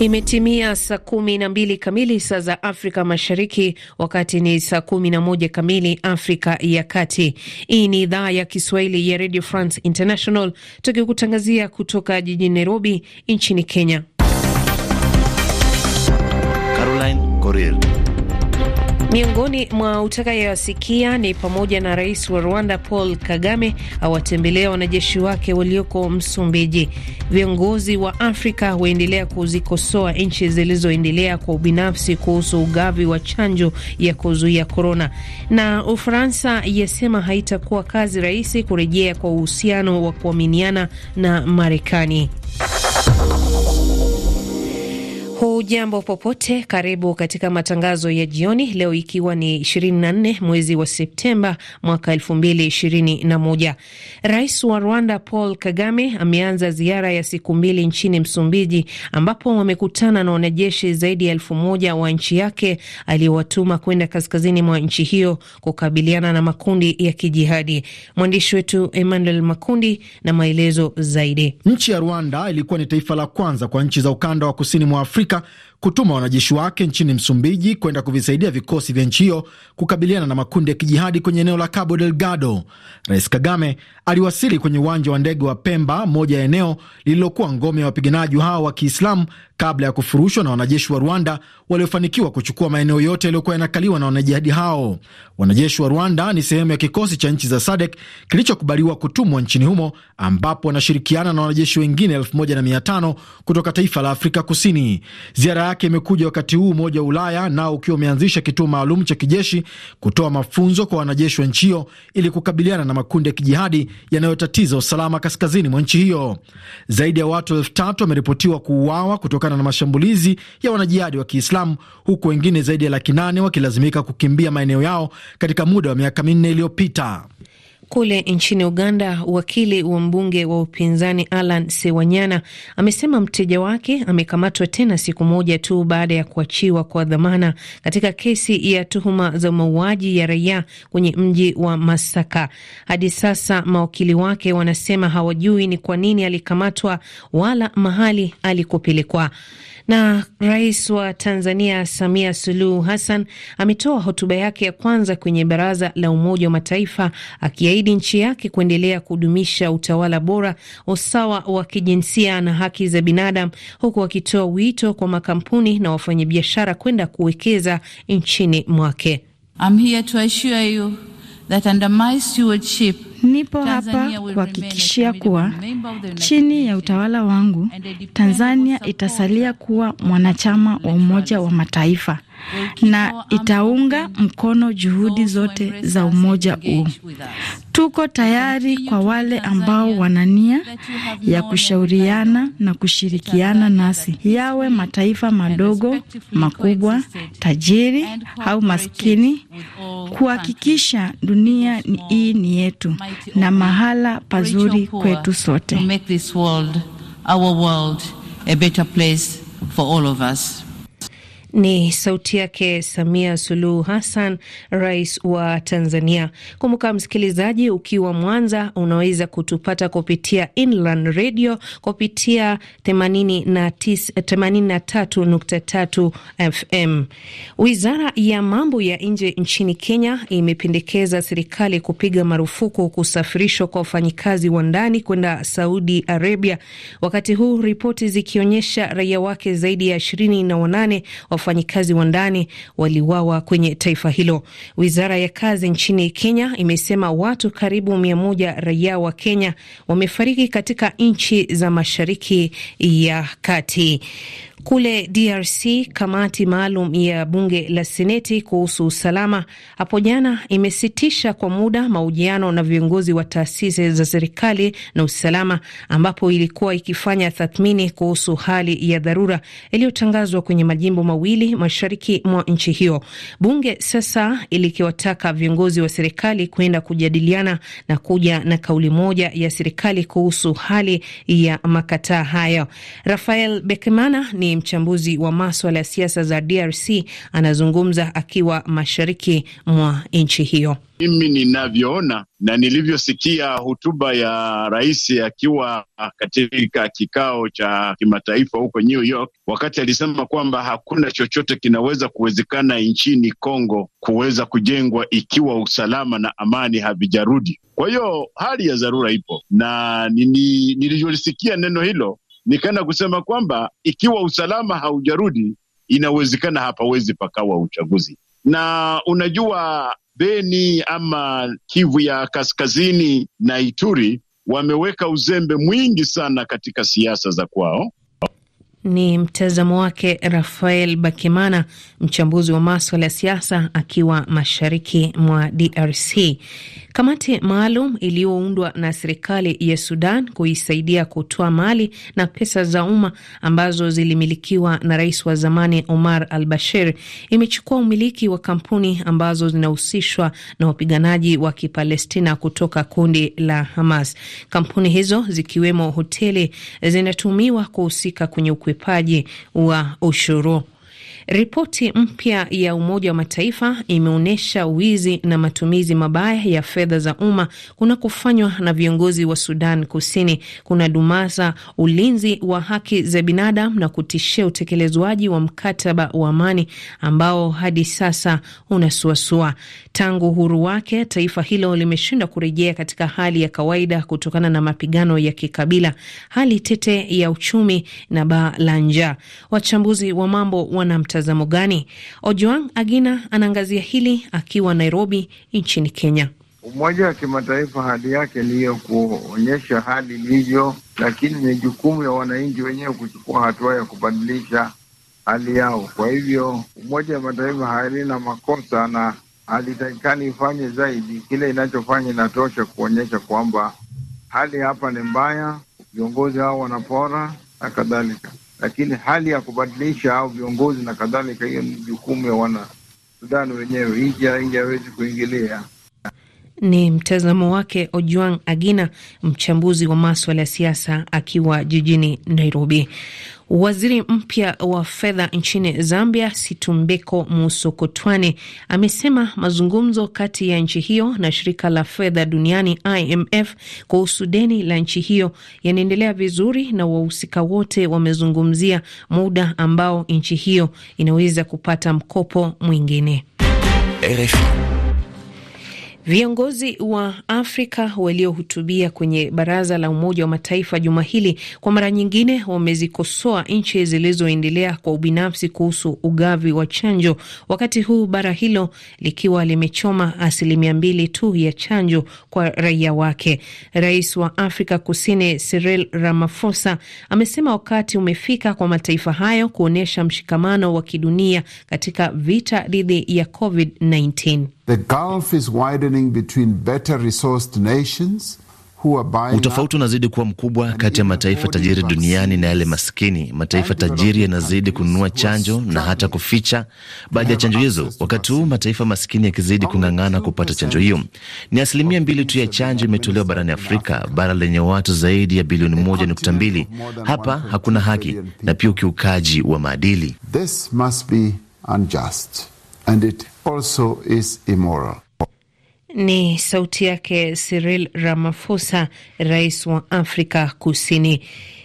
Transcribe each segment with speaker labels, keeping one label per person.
Speaker 1: Imetimia saa kumi na mbili kamili saa za Afrika Mashariki, wakati ni saa kumi na moja kamili Afrika ya Kati. Hii ni idhaa ya Kiswahili ya Radio France International, tukikutangazia kutoka jijini Nairobi nchini Kenya. Caroline Miongoni mwa utakayowasikia ni pamoja na rais wa Rwanda Paul Kagame awatembelea wanajeshi wake walioko Msumbiji. Viongozi wa Afrika waendelea kuzikosoa nchi zilizoendelea kwa ubinafsi kuhusu ugavi wa chanjo ya kuzuia korona, na Ufaransa yasema haitakuwa kazi rahisi kurejea kwa uhusiano wa kuaminiana na Marekani. Hujambo popote, karibu katika matangazo ya jioni leo, ikiwa ni 24 mwezi wa Septemba mwaka 2021. Rais wa Rwanda Paul Kagame ameanza ziara ya siku mbili nchini Msumbiji, ambapo wamekutana na wanajeshi zaidi ya elfu moja wa nchi yake aliyowatuma kwenda kaskazini mwa nchi hiyo kukabiliana na makundi ya kijihadi. Mwandishi wetu Emmanuel Makundi na maelezo zaidi. Nchi ya
Speaker 2: Rwanda ilikuwa ni taifa la kwanza kwa nchi za ukanda wa kusini mwa Afrika 그러니까 kutuma wanajeshi wake nchini Msumbiji kwenda kuvisaidia vikosi vya nchi hiyo kukabiliana na makundi ya kijihadi kwenye eneo la Cabo Delgado. Rais Kagame aliwasili kwenye uwanja wa ndege wa Pemba, moja ya eneo lililokuwa ngome ya wapiganaji hao wa Kiislamu kabla ya kufurushwa na wanajeshi wa Rwanda waliofanikiwa kuchukua maeneo yote yaliyokuwa yanakaliwa na wanajihadi hao. Wanajeshi wa Rwanda ni sehemu ya kikosi cha nchi za SADEK kilichokubaliwa kutumwa nchini humo ambapo wanashirikiana na wanajeshi wengine 1500 kutoka taifa la Afrika Kusini. Ziara yake imekuja wakati huu Umoja wa Ulaya nao ukiwa umeanzisha kituo maalum cha kijeshi kutoa mafunzo kwa wanajeshi wa nchi hiyo ili kukabiliana na makundi ya kijihadi yanayotatiza usalama kaskazini mwa nchi hiyo. Zaidi ya watu elfu tatu wameripotiwa kuuawa kutokana na mashambulizi ya wanajihadi wa Kiislamu, huku wengine zaidi ya laki nane wakilazimika kukimbia maeneo yao katika muda wa miaka minne iliyopita.
Speaker 1: Kule nchini Uganda, wakili wa mbunge wa upinzani Alan Sewanyana amesema mteja wake amekamatwa tena siku moja tu baada ya kuachiwa kwa dhamana katika kesi ya tuhuma za mauaji ya raia kwenye mji wa Masaka. Hadi sasa mawakili wake wanasema hawajui ni kwa nini alikamatwa wala mahali alikopelekwa. Na rais wa Tanzania Samia Suluhu Hassan ametoa hotuba yake ya kwanza kwenye Baraza la Umoja wa Mataifa akiahidi nchi yake kuendelea kudumisha utawala bora, usawa wa kijinsia na haki za binadamu, huku akitoa wito kwa makampuni na wafanyabiashara kwenda kuwekeza nchini mwake. I'm here to assure you that under my stewardship Nipo hapa kuhakikishia kuwa chini ya utawala wangu Tanzania itasalia kuwa mwanachama wa Umoja wa Mataifa na itaunga mkono juhudi zote za umoja huu. Tuko tayari kwa wale ambao wana nia ya kushauriana na kushirikiana nasi, yawe mataifa madogo, makubwa, tajiri au maskini, kuhakikisha dunia hii ni yetu na mahala pazuri kwetu sote. Ni sauti yake Samia Suluhu Hassan, rais wa Tanzania. Kumbuka msikilizaji, ukiwa Mwanza unaweza kutupata kupitia Inland Radio kupitia 83.3 FM. Wizara ya mambo ya nje nchini Kenya imependekeza serikali kupiga marufuku kusafirishwa kwa wafanyikazi wa ndani kwenda Saudi Arabia, wakati huu ripoti zikionyesha raia wake zaidi ya ishirini na wanane wafanyikazi wa ndani waliwawa kwenye taifa hilo. Wizara ya kazi nchini Kenya imesema watu karibu mia moja raia wa Kenya wamefariki katika nchi za mashariki ya kati. Kule DRC, kamati maalum ya bunge la seneti kuhusu usalama hapo jana imesitisha kwa muda mahojiano na viongozi wa taasisi za serikali na usalama, ambapo ilikuwa ikifanya tathmini kuhusu hali ya dharura iliyotangazwa kwenye majimbo mawili mawili mashariki mwa nchi hiyo. Bunge sasa likiwataka viongozi wa serikali kuenda kujadiliana na kuja na kauli moja ya serikali kuhusu hali ya makataa hayo. Rafael Bekemana ni mchambuzi wa maswala ya siasa za DRC, anazungumza akiwa mashariki mwa nchi hiyo.
Speaker 2: Mimi ninavyoona na nilivyosikia hotuba ya rais akiwa katika kikao cha kimataifa huko New York, wakati alisema kwamba hakuna chochote kinaweza kuwezekana nchini Kongo kuweza kujengwa ikiwa usalama na amani havijarudi. Kwa hiyo hali ya dharura ipo, na nilivyolisikia neno hilo nikaenda kusema kwamba ikiwa usalama haujarudi, inawezekana hapawezi pakawa uchaguzi. Na unajua Beni ama Kivu ya Kaskazini na Ituri wameweka uzembe mwingi sana katika siasa za kwao,
Speaker 1: ni mtazamo wake Rafael Bakemana, mchambuzi wa maswala ya siasa akiwa mashariki mwa DRC. Kamati maalum iliyoundwa na serikali ya Sudan kuisaidia kutoa mali na pesa za umma ambazo zilimilikiwa na rais wa zamani Omar al Bashir imechukua umiliki wa kampuni ambazo zinahusishwa na wapiganaji wa Kipalestina kutoka kundi la Hamas. Kampuni hizo zikiwemo hoteli zinatumiwa kuhusika kwenye ukwepaji wa ushuru. Ripoti mpya ya Umoja wa Mataifa imeonyesha wizi na matumizi mabaya ya fedha za umma kunakofanywa na viongozi wa Sudan Kusini kuna dumaza ulinzi wa haki za binadamu na kutishia utekelezwaji wa mkataba wa amani ambao hadi sasa unasuasua. Tangu uhuru wake, taifa hilo limeshindwa kurejea katika hali ya kawaida kutokana na mapigano ya kikabila, hali tete ya uchumi na baa la njaa. Wachambuzi wa mambo wanamta mtazamo gani? Ojuang Agina anaangazia hili akiwa Nairobi nchini Kenya.
Speaker 2: Umoja wa Kimataifa hali yake niyo kuonyesha hali ilivyo, lakini ni jukumu ya wananchi wenyewe kuchukua hatua ya kubadilisha hali yao. Kwa hivyo Umoja wa Mataifa halina makosa na halitakikani ifanye zaidi, kile inachofanya inatosha kuonyesha kwamba hali hapa ni mbaya, viongozi hao wanapora na kadhalika lakini hali ya kubadilisha au viongozi na kadhalika, hiyo ni jukumu ya wana Sudani wenyewe, nji hawezi kuingilia.
Speaker 1: Ni mtazamo wake ojuan Agina, mchambuzi wa maswala ya siasa akiwa jijini Nairobi. Waziri mpya wa fedha nchini Zambia, Situmbeko Musokotwane, amesema mazungumzo kati ya nchi hiyo na shirika la fedha duniani IMF kuhusu deni la nchi hiyo yanaendelea vizuri na wahusika wote wamezungumzia muda ambao nchi hiyo inaweza kupata mkopo mwingine. Viongozi wa Afrika waliohutubia kwenye baraza la Umoja wa Mataifa juma hili kwa mara nyingine wamezikosoa nchi zilizoendelea kwa ubinafsi kuhusu ugavi wa chanjo, wakati huu bara hilo likiwa limechoma asilimia mbili tu ya chanjo kwa raia wake. Rais wa Afrika Kusini Cyril Ramaphosa amesema wakati umefika kwa mataifa hayo kuonyesha mshikamano wa kidunia katika vita dhidi ya COVID-19.
Speaker 2: Utofauti unazidi kuwa mkubwa kati ya mataifa tajiri duniani na yale maskini. Mataifa tajiri yanazidi kununua chanjo na hata kuficha baadhi ya chanjo hizo, wakati huu mataifa maskini yakizidi kung'ang'ana kupata chanjo hiyo. Ni asilimia mbili tu ya chanjo imetolewa barani Afrika, bara lenye watu zaidi ya bilioni moja nukta mbili. Hapa hakuna haki na pia ukiukaji wa maadili. This must be unjust and it also is immoral.
Speaker 1: Ni sauti yake Cyril Ramaphosa, rais wa Afrika Kusini.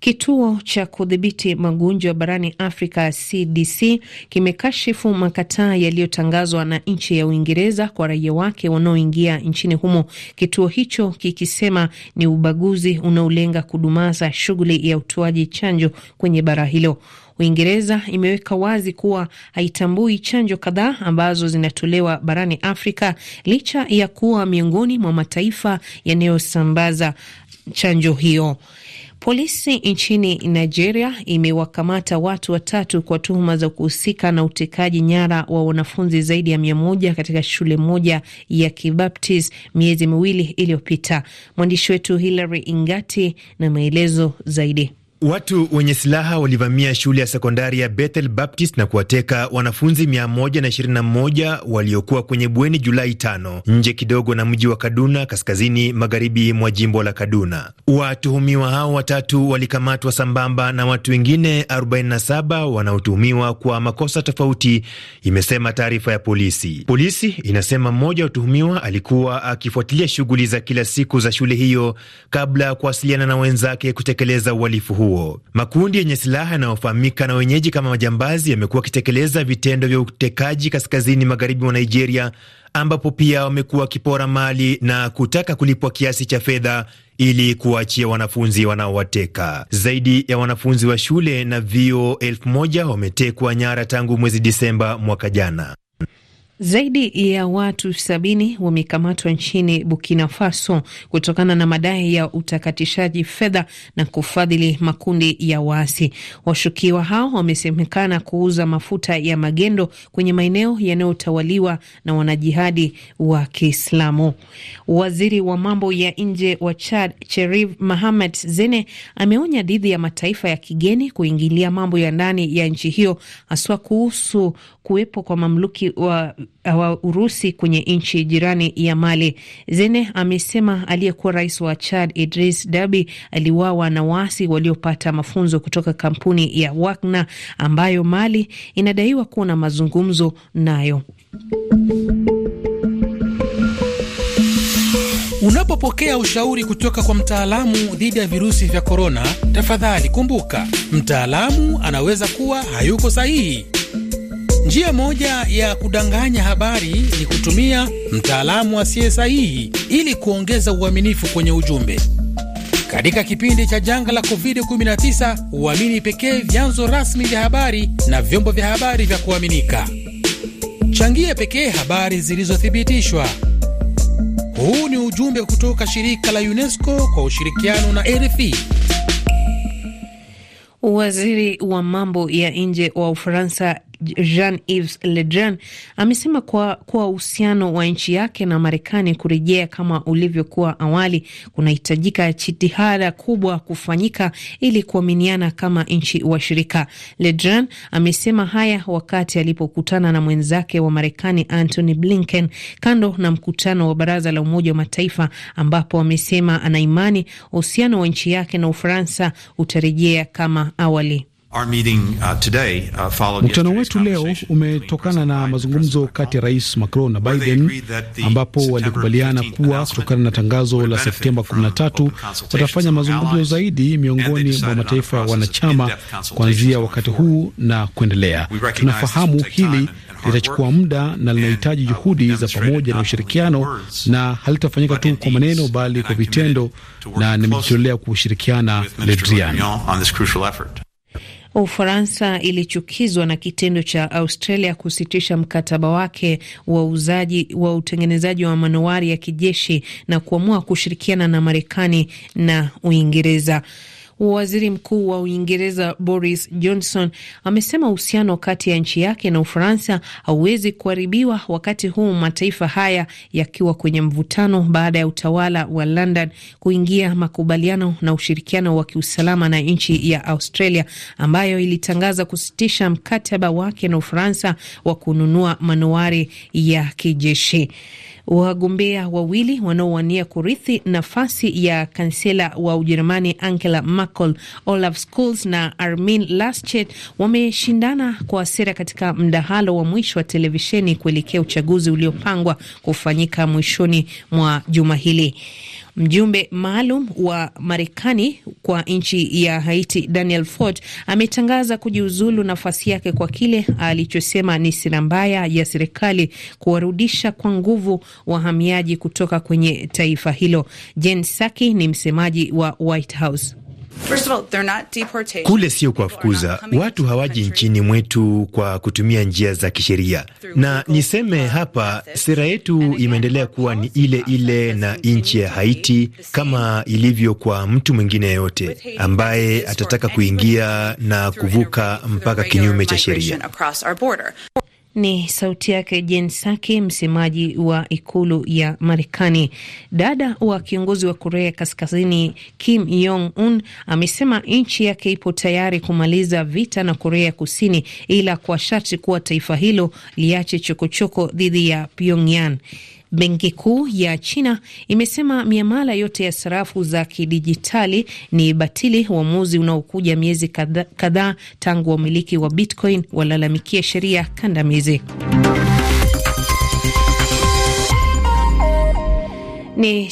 Speaker 1: Kituo cha kudhibiti magonjwa barani Afrika CDC kimekashifu makataa yaliyotangazwa na nchi ya Uingereza kwa raia wake wanaoingia nchini humo, kituo hicho kikisema ni ubaguzi unaolenga kudumaza shughuli ya utoaji chanjo kwenye bara hilo. Uingereza imeweka wazi kuwa haitambui chanjo kadhaa ambazo zinatolewa barani Afrika licha ya kuwa miongoni mwa mataifa yanayosambaza chanjo hiyo. Polisi nchini Nigeria imewakamata watu watatu kwa tuhuma za kuhusika na utekaji nyara wa wanafunzi zaidi ya mia moja katika shule moja ya Kibaptist miezi miwili iliyopita. Mwandishi wetu Hilary Ingati na maelezo zaidi.
Speaker 2: Watu wenye silaha walivamia shule ya sekondari ya Bethel Baptist na kuwateka wanafunzi 121 waliokuwa kwenye bweni Julai 5 nje kidogo na mji wa Kaduna, kaskazini magharibi mwa jimbo la Kaduna. Watuhumiwa hao watatu walikamatwa sambamba na watu wengine 47 wanaotuhumiwa kwa makosa tofauti, imesema taarifa ya polisi. Polisi inasema mmoja wa watuhumiwa alikuwa akifuatilia shughuli za kila siku za shule hiyo kabla ya kuwasiliana na wenzake kutekeleza uhalifu huu huo. Makundi yenye silaha yanayofahamika na wenyeji kama majambazi yamekuwa wakitekeleza vitendo vya utekaji kaskazini magharibi mwa Nigeria, ambapo pia wamekuwa wakipora mali na kutaka kulipwa kiasi cha fedha ili kuwaachia wanafunzi wanaowateka. Zaidi ya wanafunzi wa shule na vio elfu moja wametekwa nyara tangu mwezi Disemba mwaka jana.
Speaker 1: Zaidi ya watu sabini wamekamatwa nchini Burkina Faso kutokana na madai ya utakatishaji fedha na kufadhili makundi ya waasi. Washukiwa hao wamesemekana kuuza mafuta ya magendo kwenye maeneo yanayotawaliwa na wanajihadi wa Kiislamu. Waziri wa mambo ya nje wa Chad, Cherif mahamed Zene, ameonya dhidi ya mataifa ya kigeni kuingilia mambo ya ndani ya nchi hiyo, haswa kuhusu kuwepo kwa mamluki wa, wa Urusi kwenye nchi jirani ya Mali. Zene amesema aliyekuwa rais wa Chad Idris Dabi aliwawa na waasi waliopata mafunzo kutoka kampuni ya Wagner ambayo Mali inadaiwa kuwa na mazungumzo nayo.
Speaker 2: Unapopokea ushauri kutoka kwa mtaalamu dhidi ya virusi vya korona, tafadhali kumbuka, mtaalamu anaweza kuwa hayuko sahihi Njia moja ya kudanganya habari ni kutumia mtaalamu asiye sahihi ili kuongeza uaminifu kwenye ujumbe. Katika kipindi cha janga la COVID-19, uamini pekee vyanzo rasmi vya habari na vyombo vya habari vya kuaminika. Changia pekee habari zilizothibitishwa. Huu ni ujumbe kutoka shirika la UNESCO kwa ushirikiano na RFI.
Speaker 1: Waziri wa mambo ya nje wa Ufaransa Jean-Yves Lejean amesema kuwa kuwa uhusiano wa nchi yake na Marekani kurejea kama ulivyokuwa awali kunahitajika jitihada kubwa kufanyika ili kuaminiana kama nchi washirika. Lejean amesema haya wakati alipokutana na mwenzake wa Marekani Antony Blinken kando na mkutano wa Baraza la Umoja wa Mataifa, ambapo amesema anaimani uhusiano wa nchi yake na Ufaransa utarejea kama awali. Uh, uh, Mkutano wetu leo umetokana
Speaker 2: na mazungumzo kati ya Rais Macron na Biden ambapo walikubaliana kuwa kutokana na tangazo la Septemba 13 watafanya mazungumzo zaidi miongoni mwa mataifa ya wanachama kuanzia wakati huu na kuendelea. Tunafahamu hili litachukua muda na linahitaji uh, juhudi za pamoja na ushirikiano, na halitafanyika tu kwa maneno, bali kwa vitendo, na nimejitolea kushirikiana na
Speaker 1: Ufaransa ilichukizwa na kitendo cha Australia kusitisha mkataba wake wa uzaji wa utengenezaji wa manowari ya kijeshi na kuamua kushirikiana na Marekani na Uingereza. Waziri Mkuu wa Uingereza Boris Johnson amesema uhusiano kati ya nchi yake na Ufaransa hauwezi kuharibiwa wakati huu mataifa haya yakiwa kwenye mvutano baada ya utawala wa London kuingia makubaliano na ushirikiano wa kiusalama na nchi ya Australia ambayo ilitangaza kusitisha mkataba wake na Ufaransa wa kununua manowari ya kijeshi. Wagombea wawili wanaowania kurithi nafasi ya kansela wa Ujerumani Angela Merkel, Olaf Scholz na Armin Laschet wameshindana kwa sera katika mdahalo wa mwisho wa televisheni kuelekea uchaguzi uliopangwa kufanyika mwishoni mwa juma hili. Mjumbe maalum wa Marekani kwa nchi ya Haiti, Daniel Ford, ametangaza kujiuzulu nafasi yake kwa kile alichosema ni sera mbaya ya serikali kuwarudisha kwa nguvu wahamiaji kutoka kwenye taifa hilo. Jen Psaki ni msemaji wa White House.
Speaker 2: Kule sio kuwafukuza watu, hawaji nchini mwetu kwa kutumia njia za kisheria. Na niseme hapa, sera yetu imeendelea kuwa ni ile ile na nchi ya Haiti, kama ilivyo kwa mtu mwingine yeyote ambaye atataka kuingia na kuvuka mpaka kinyume cha sheria.
Speaker 1: Ni sauti yake Jen saki msemaji wa ikulu ya Marekani. Dada wa kiongozi wa Korea Kaskazini Kim Jong Un amesema nchi yake ipo tayari kumaliza vita na Korea Kusini, ila kwa sharti kuwa taifa hilo liache chokochoko dhidi ya Pyongyang. Benki Kuu ya China imesema miamala yote ya sarafu za kidijitali ni batili, uamuzi unaokuja miezi kadhaa tangu wamiliki wa Bitcoin walalamikia sheria kandamizi. Ni